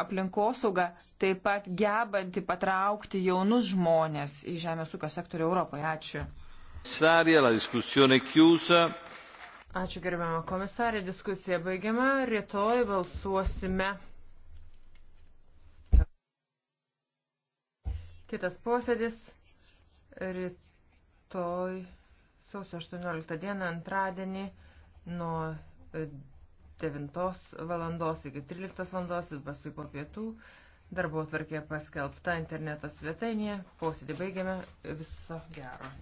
aplinkosauga taip pat gebanti patraukti jaunus žmonės į žemės ūkio sektorių Europoje. Ačiū. Ačiū gerbiamą komisarį, diskusiją baigiama, rytoj balsuosime. Kitas posėdis rytoj sausio 18 dieną antradienį nuo 9 valandos iki 13 valandos ir paskui po pietų. Darbo tvarkė paskelbta interneto svetainėje. Posėdį baigiame. Viso gero.